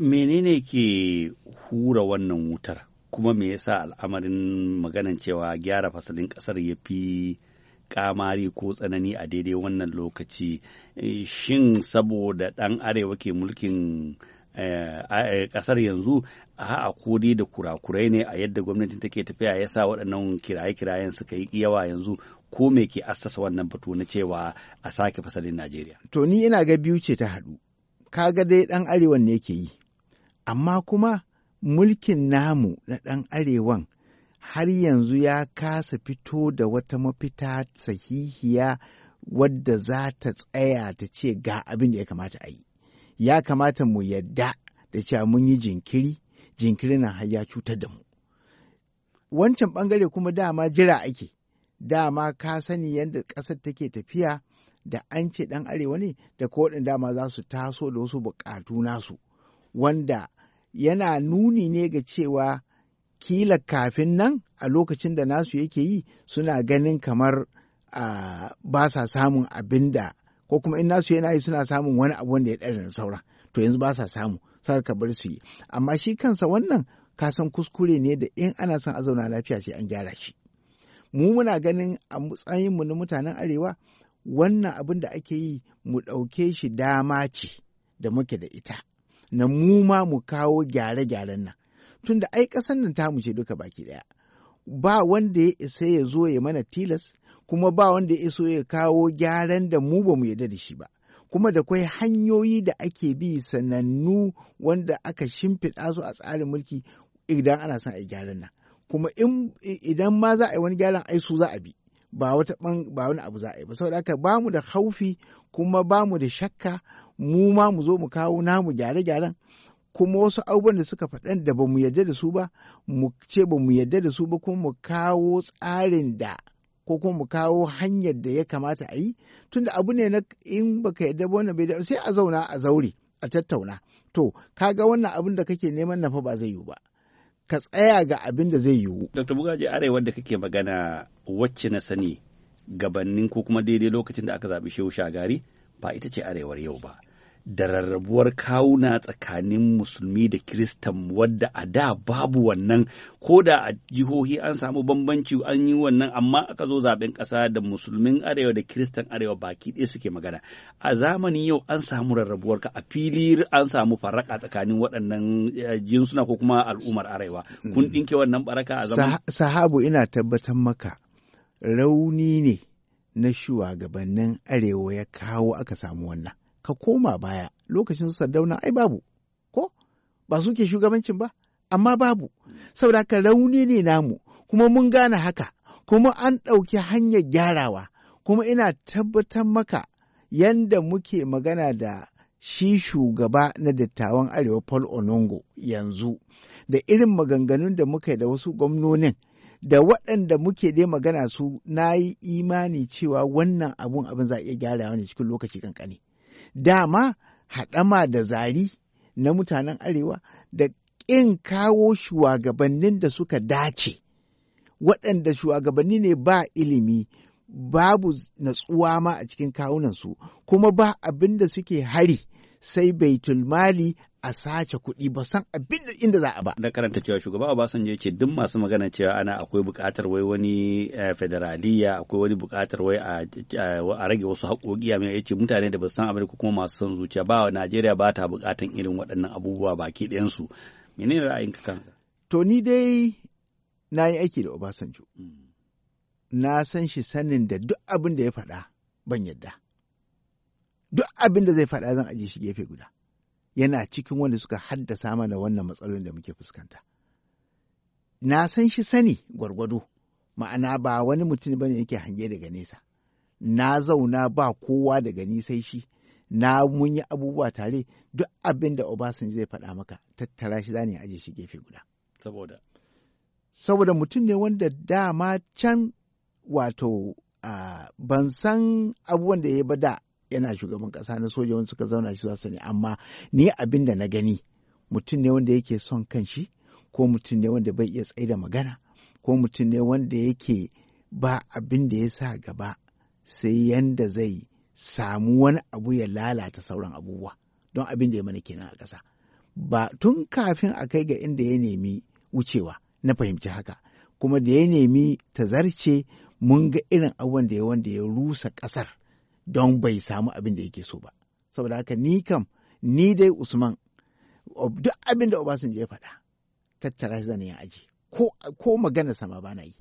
menene ke hura wannan wutar kuma me yasa al'amarin maganan cewa gyara fasalin ƙasar ya fi kamari ko tsanani a daidai wannan lokaci eh, shin saboda ɗan arewa ke mulkin eh, eh, ƙasar yanzu a dai da kurakurai ne a yadda gwamnatin take tafiya ya sa waɗannan kiraye-kirayen suka yi yawa yanzu ko me ke assasa wannan batu na cewa a sake fasalin najeriya to ni ina ga biyu ce ta haɗu ka ga dai ɗan arewa ne ke yi amma kuma mulkin namu na ɗan arewan har yanzu ya kasa fito da wata mafita sahihiya wadda za ta tsaya ta ce ga abin da ya kamata a yi ya kamata mu yadda da cewa mun yi jinkiri jinkiri na har ya cutar da mu wancan ɓangare kuma dama jira ake dama ka sani yadda ƙasar take tafiya da an ce ɗan arewa ne da ko dama za su taso da wasu buƙatu nasu wanda yana nuni ne ga cewa kila kafin nan a lokacin da nasu yake yi suna ganin kamar ba sa samun abin da ko kuma in nasu yana yi suna samun wani abu wanda ya ɗarin saura to yanzu ba sa samu sarar ka bar su yi amma shi kansa wannan kasan kuskure ne da in ana son a zauna lafiya sai an gyara shi mu muna ganin a matsayin mu na mutanen arewa wannan abin da ake yi mu ɗauke shi dama ce da muke da ita na mu ma mu kawo gyare-gyaren nan tunda ai kasan nan ta ce duka baki ɗaya ba wanda ya isa ya zo ya mana tilas kuma ba wanda ya iso ya kawo gyaran da mu ba mu yarda da shi ba kuma da kwai hanyoyi da ake bi sanannu wanda aka shimfiɗa su a tsarin mulki idan ana son a yi gyaran nan kuma idan ma za a yi wani gyaran ai su za a bi ba wata ba wani abu za a yi ba saboda haka ba mu da haufi kuma ba mu da shakka mu ma mu zo mu kawo namu gyare-gyaren kuma wasu abubuwan da suka faɗan da ba mu yarda da su ba mu ce ba mu yarda da su ba kuma mu kawo tsarin da ko kuma mu kawo hanyar da ya kamata a yi tunda abu ne na in baka yarda ba wannan bai da sai a zauna a zaure a tattauna to ka ga wannan abin da kake neman na fa ba zai yiwu ba ka tsaya ga abin da zai yiwu. Dr. Bugaji arewa da kake magana wacce na sani gabanin ko kuma daidai lokacin da aka zaɓi Shehu Shagari ba ita ce arewar yau ba. da rarrabuwar kawuna tsakanin musulmi da kiristan wadda a da babu wannan ko da a jihohi an samu bambanci an yi wannan amma aka zo zaben ƙasa da musulmin arewa da kiristan arewa baki ɗaya suke magana a zamanin yau an samu rarrabuwar ka a fili an samu faraka tsakanin waɗannan eh, jinsuna ko kuma al'ummar arewa kun mm. ɗinke wannan baraka a zaman sahabu ina tabbatar maka rauni ne na shugabannin arewa ya kawo aka samu wannan ka koma baya lokacin su sardauna ai babu ko ba suke shugabancin ba amma babu saboda ka rauni ne namu kuma mun gane haka kuma an ɗauki hanyar gyarawa kuma ina tabbatar maka yanda muke magana da shi shugaba na dattawan arewa paul onongo yanzu da irin maganganun da muka yi da wasu gwamnonin da waɗanda muke dai magana su na yi imani cewa wannan abun abin za a iya gyarawa ne cikin lokaci kankani. dama haɗama da zari na mutanen arewa da ƙin kawo shugabannin da suka dace waɗanda shugabanni ne ba ilimi babu natsuwa ma a cikin kawunansu kuma ba abin da suke hari sai baitulmali a sace kuɗi ba san abin da inda za a ba. Na karanta cewa shugaba Obasanjo ce duk masu magana cewa ana akwai buƙatar wai wani eh, federaliya akwai wani buƙatar wai a eh, rage wasu haƙoƙi a mai yace mutane da ba san abin da kuma masu son zuciya ba Najeriya ba ta buƙatan irin waɗannan abubuwa baki ɗayansu. Menene ra'ayinka kanka? To ni dai na yi aiki da Obasanjo. Hmm. Na san shi sanin da duk abin da ya faɗa ban yadda. Duk abin da zai faɗa zan aje shi gefe guda. yana cikin wanda suka haddasa mana wannan matsalolin da muke fuskanta. Na san shi sani gwargwado, ma'ana ba wani mutum bane yake hange daga nesa. Na zauna ba kowa daga nisai sai shi, na mun yi abubuwa tare duk abin da Obasanjo zai faɗa maka tattara shi za ne aje shi gefe guda. Saboda? Saboda mutum ne wanda dama can wato ban san abubuwan da ya ba da yana shugaban kasa na soja wanda suka zauna shi za sani amma ni abin da na gani mutum ne wanda yake son kanshi ko mutum ne wanda bai iya tsaida magana ko mutum ne wanda yake ba abin da ya sa gaba sai yanda zai samu wani abu ya lalata sauran abubuwa don abin da ya mana kenan a ƙasa ba tun kafin a kai ga inda ya nemi wucewa na fahimci haka kuma da ya nemi ta zarce mun ga irin abubuwan da ya wanda ya rusa ƙasar don bai samu abin da yake so ba saboda haka ni kam ni dai usman duk abin da obasanjo ya faɗa tattara shi zan aji ko magana sama bana yi